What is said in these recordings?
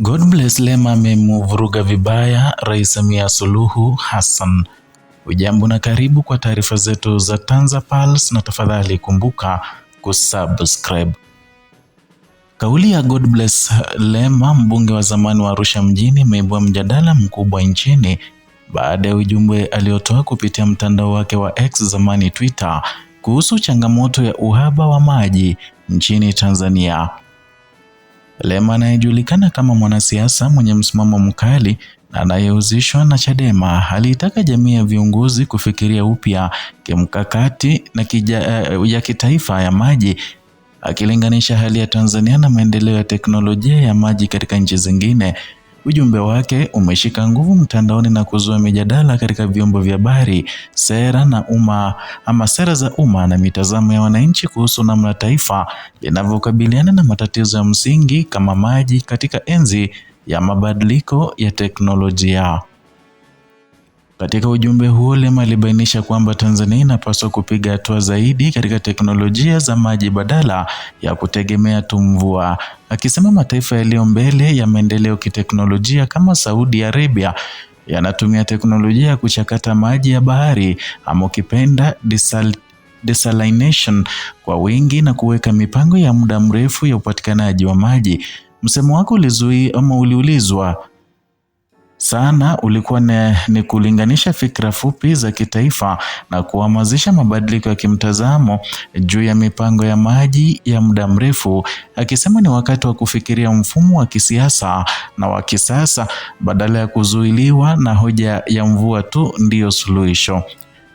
bless Lema amemuvuruga vibaya Rais Samia Suluhu Hassan. Ujambo na karibu kwa taarifa zetu za Tanza Pulse, na tafadhali kumbuka kusubscribe. Kauli ya bless Lema, mbunge wa zamani wa Arusha mjini, imeibua mjadala mkubwa nchini baada ya ujumbe aliotoa kupitia mtandao wake wa X, zamani Twitter, kuhusu changamoto ya uhaba wa maji nchini Tanzania. Lema anayejulikana kama mwanasiasa mwenye msimamo mkali na anayehusishwa na Chadema aliitaka jamii ya viongozi kufikiria upya kimkakati na kija, eh, ya kitaifa ya maji akilinganisha hali ya Tanzania na maendeleo ya teknolojia ya maji katika nchi zingine. Ujumbe wake umeshika nguvu mtandaoni na kuzua mijadala katika vyombo vya habari, sera na umma ama sera za umma na mitazamo ya wananchi kuhusu namna taifa linavyokabiliana na matatizo ya msingi kama maji katika enzi ya mabadiliko ya teknolojia. Katika ujumbe huo, Lema alibainisha kwamba Tanzania inapaswa kupiga hatua zaidi katika teknolojia za maji badala ya kutegemea tu mvua, akisema mataifa yaliyo mbele ya maendeleo kiteknolojia kama Saudi Arabia yanatumia teknolojia ya kuchakata maji ya bahari ama ukipenda desalination kwa wingi na kuweka mipango ya muda mrefu ya upatikanaji wa maji. Msemo wako ulizui ama uliulizwa sana ulikuwa ne, ni kulinganisha fikra fupi za kitaifa na kuhamasisha mabadiliko ya kimtazamo juu ya mipango ya maji ya muda mrefu, akisema ni wakati wa kufikiria mfumo wa kisiasa na wa kisasa badala ya kuzuiliwa na hoja ya mvua tu ndiyo suluhisho.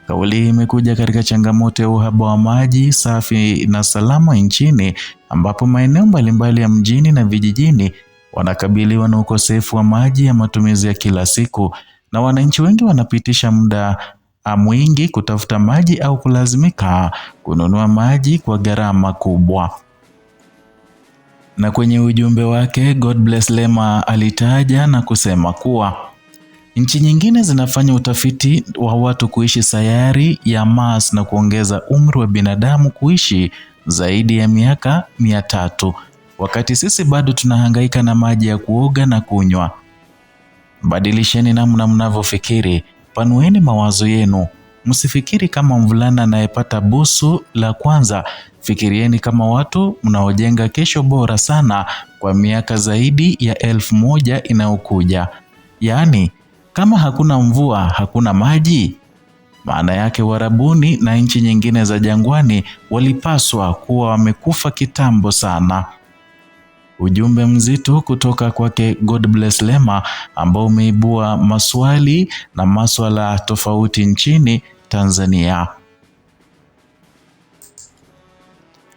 Kauli hii imekuja katika changamoto ya uhaba wa maji safi na salama nchini ambapo maeneo mbalimbali ya mjini na vijijini wanakabiliwa na ukosefu wa maji ya matumizi ya kila siku, na wananchi wengi wanapitisha muda ah, mwingi kutafuta maji au kulazimika kununua maji kwa gharama kubwa. Na kwenye ujumbe wake God Bless Lema alitaja na kusema kuwa nchi nyingine zinafanya utafiti wa watu kuishi sayari ya Mars na kuongeza umri wa binadamu kuishi zaidi ya miaka mia tatu wakati sisi bado tunahangaika na maji ya kuoga na kunywa. Badilisheni namna mnavyofikiri, panueni mawazo yenu. Msifikiri kama mvulana anayepata busu la kwanza, fikirieni kama watu mnaojenga kesho bora sana kwa miaka zaidi ya elfu moja inayokuja. Yaani, kama hakuna mvua hakuna maji. Maana yake Warabuni na nchi nyingine za jangwani walipaswa kuwa wamekufa kitambo sana. Ujumbe mzito kutoka kwake God Bless Lema ambao umeibua maswali na maswala tofauti nchini Tanzania.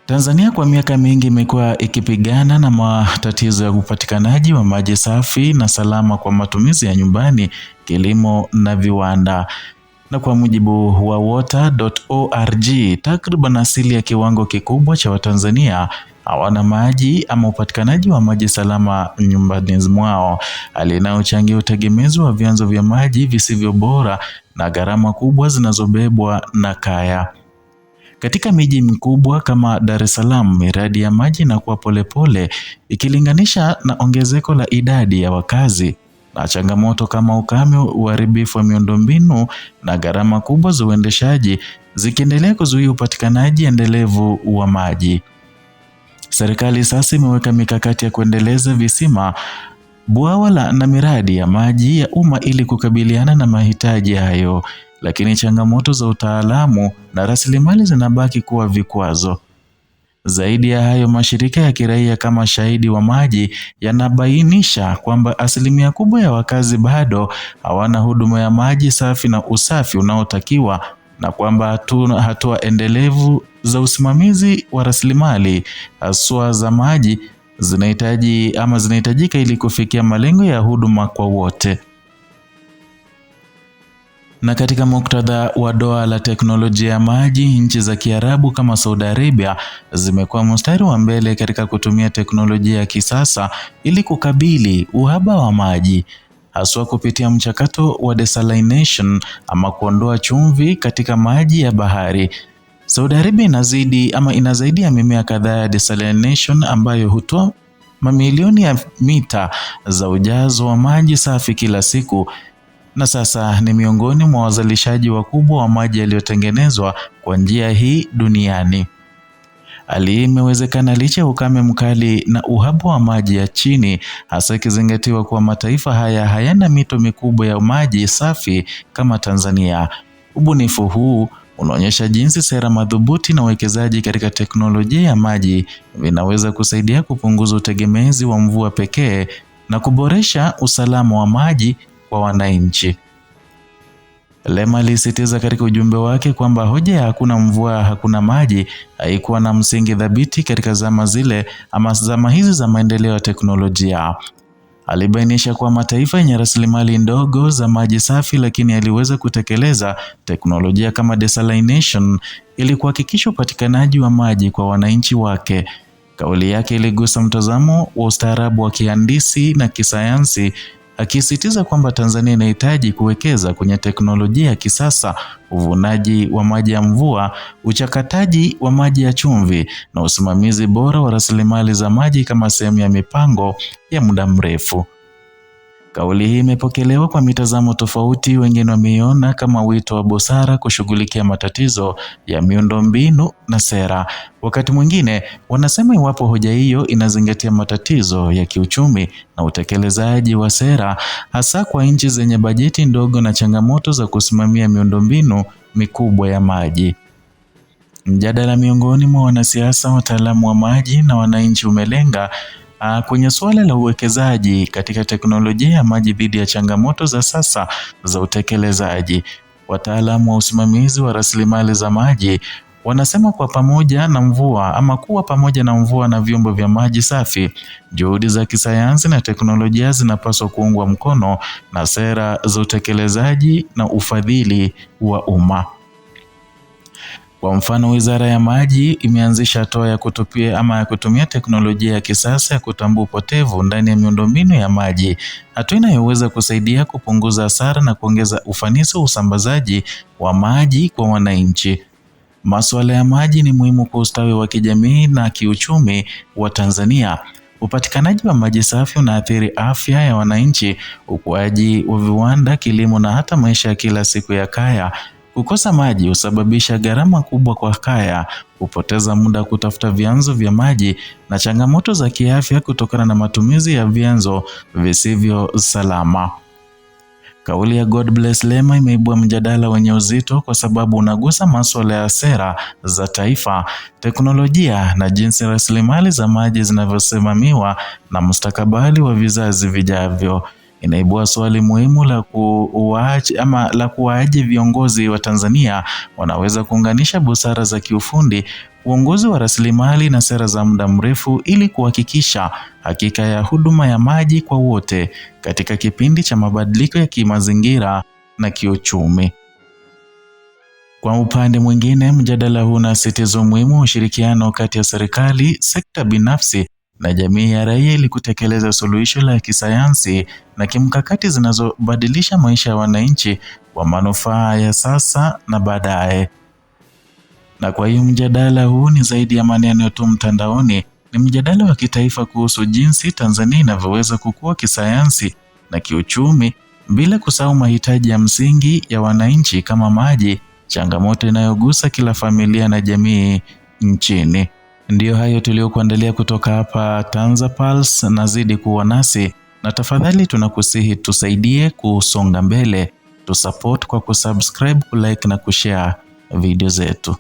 Tanzania kwa miaka mingi imekuwa ikipigana na matatizo ya upatikanaji wa maji safi na salama kwa matumizi ya nyumbani, kilimo na viwanda. Na kwa mujibu wa water.org, takriban asili ya kiwango kikubwa cha Watanzania hawana maji ama upatikanaji wa maji salama nyumbani mwao, hali inayochangia utegemezi wa vyanzo vya maji visivyo bora na gharama kubwa zinazobebwa na kaya. Katika miji mikubwa kama Dar es Salaam, miradi ya maji inakuwa polepole ikilinganisha na ongezeko la idadi ya wakazi na changamoto kama ukame, uharibifu wa miundombinu na gharama kubwa za uendeshaji zikiendelea kuzuia upatikanaji endelevu wa maji. Serikali sasa imeweka mikakati ya kuendeleza visima, bwawa la na miradi ya maji ya umma ili kukabiliana na mahitaji hayo, lakini changamoto za utaalamu na rasilimali zinabaki kuwa vikwazo. Zaidi ya hayo, mashirika ya kiraia kama Shahidi wa Maji yanabainisha kwamba asilimia kubwa ya wakazi bado hawana huduma ya maji safi na usafi unaotakiwa na kwamba hatua endelevu za usimamizi wa rasilimali haswa za maji zinahitaji ama zinahitajika ili kufikia malengo ya huduma kwa wote. Na katika muktadha wa doa la teknolojia ya maji, nchi za Kiarabu kama Saudi Arabia zimekuwa mstari wa mbele katika kutumia teknolojia ya kisasa ili kukabili uhaba wa maji, haswa kupitia mchakato wa desalination ama kuondoa chumvi katika maji ya bahari. Saudi Arabia inazidi ama ya mimea kadhaa ya desalination ambayo hutoa mamilioni ya mita za ujazo wa maji safi kila siku na sasa ni miongoni mwa wazalishaji wakubwa wa maji yaliyotengenezwa kwa njia hii duniani. Hali hii imewezekana licha ya ukame mkali na uhaba wa maji ya chini, hasa ikizingatiwa kuwa mataifa haya hayana mito mikubwa ya maji safi kama Tanzania. Ubunifu huu unaonyesha jinsi sera madhubuti na uwekezaji katika teknolojia ya maji vinaweza kusaidia kupunguza utegemezi wa mvua pekee na kuboresha usalama wa maji kwa wananchi. Lema alisisitiza katika ujumbe wake kwamba hoja ya hakuna mvua hakuna maji haikuwa na msingi thabiti katika zama zile ama zama hizi za maendeleo ya teknolojia. Alibainisha kuwa mataifa yenye rasilimali ndogo za maji safi lakini aliweza kutekeleza teknolojia kama desalination ili kuhakikisha upatikanaji wa maji kwa wananchi wake. Kauli yake iligusa mtazamo wa ustaarabu wa kihandisi na kisayansi akisisitiza kwamba Tanzania inahitaji kuwekeza kwenye teknolojia ya kisasa, uvunaji wa maji ya mvua, uchakataji wa maji ya chumvi na usimamizi bora wa rasilimali za maji kama sehemu ya mipango ya muda mrefu. Kauli hii imepokelewa kwa mitazamo tofauti, wengine wameiona kama wito wa busara kushughulikia matatizo ya miundombinu na sera. Wakati mwingine wanasema iwapo hoja hiyo inazingatia matatizo ya kiuchumi na utekelezaji wa sera, hasa kwa nchi zenye bajeti ndogo na changamoto za kusimamia miundombinu mikubwa ya maji. Mjadala miongoni mwa wanasiasa, wataalamu wa maji na wananchi umelenga Ah, kwenye suala la uwekezaji katika teknolojia ya maji dhidi ya changamoto za sasa za utekelezaji, wataalamu wa usimamizi wa rasilimali za maji wanasema kwa pamoja na mvua ama kuwa pamoja na mvua na vyombo vya maji safi, juhudi za kisayansi na teknolojia zinapaswa kuungwa mkono na sera za utekelezaji na ufadhili wa umma. Kwa mfano, Wizara ya Maji imeanzisha toa ya kutupia ama ya kutumia teknolojia ya kisasa ya kutambua upotevu ndani ya miundombinu ya maji, hatua inayoweza kusaidia kupunguza hasara na kuongeza ufanisi wa usambazaji wa maji kwa wananchi. Masuala ya maji ni muhimu kwa ustawi wa kijamii na kiuchumi wa Tanzania. Upatikanaji wa maji safi unaathiri afya ya wananchi, ukuaji wa viwanda, kilimo na hata maisha ya kila siku ya kaya. Kukosa maji husababisha gharama kubwa kwa kaya, hupoteza muda kutafuta vyanzo vya maji na changamoto za kiafya kutokana na matumizi ya vyanzo visivyo salama. Kauli ya God Bless Lema imeibua mjadala wenye uzito kwa sababu unagusa masuala ya sera za taifa, teknolojia na jinsi rasilimali za maji zinavyosimamiwa na mustakabali wa vizazi vijavyo inaibua swali muhimu la kuwaaje ama la kuwaaje viongozi wa Tanzania wanaweza kuunganisha busara za kiufundi, uongozi wa rasilimali na sera za muda mrefu ili kuhakikisha hakika ya huduma ya maji kwa wote katika kipindi cha mabadiliko ya kimazingira na kiuchumi. Kwa upande mwingine, mjadala huu unasisitiza umuhimu wa ushirikiano kati ya serikali, sekta binafsi na jamii ya raia ili kutekeleza suluhisho la kisayansi na kimkakati zinazobadilisha maisha ya wananchi kwa manufaa ya sasa na baadaye. Na kwa hiyo mjadala huu ni zaidi ya maneno tu mtandaoni, ni mjadala wa kitaifa kuhusu jinsi Tanzania inavyoweza kukua kisayansi na kiuchumi bila kusahau mahitaji ya msingi ya wananchi kama maji, changamoto inayogusa kila familia na jamii nchini. Ndiyo hayo tuliyokuandalia kutoka hapa TanzaPulse, nazidi kuwa nasi na tafadhali tunakusihi tusaidie kusonga mbele, tusupport kwa kusubscribe, kulike na kushare video zetu.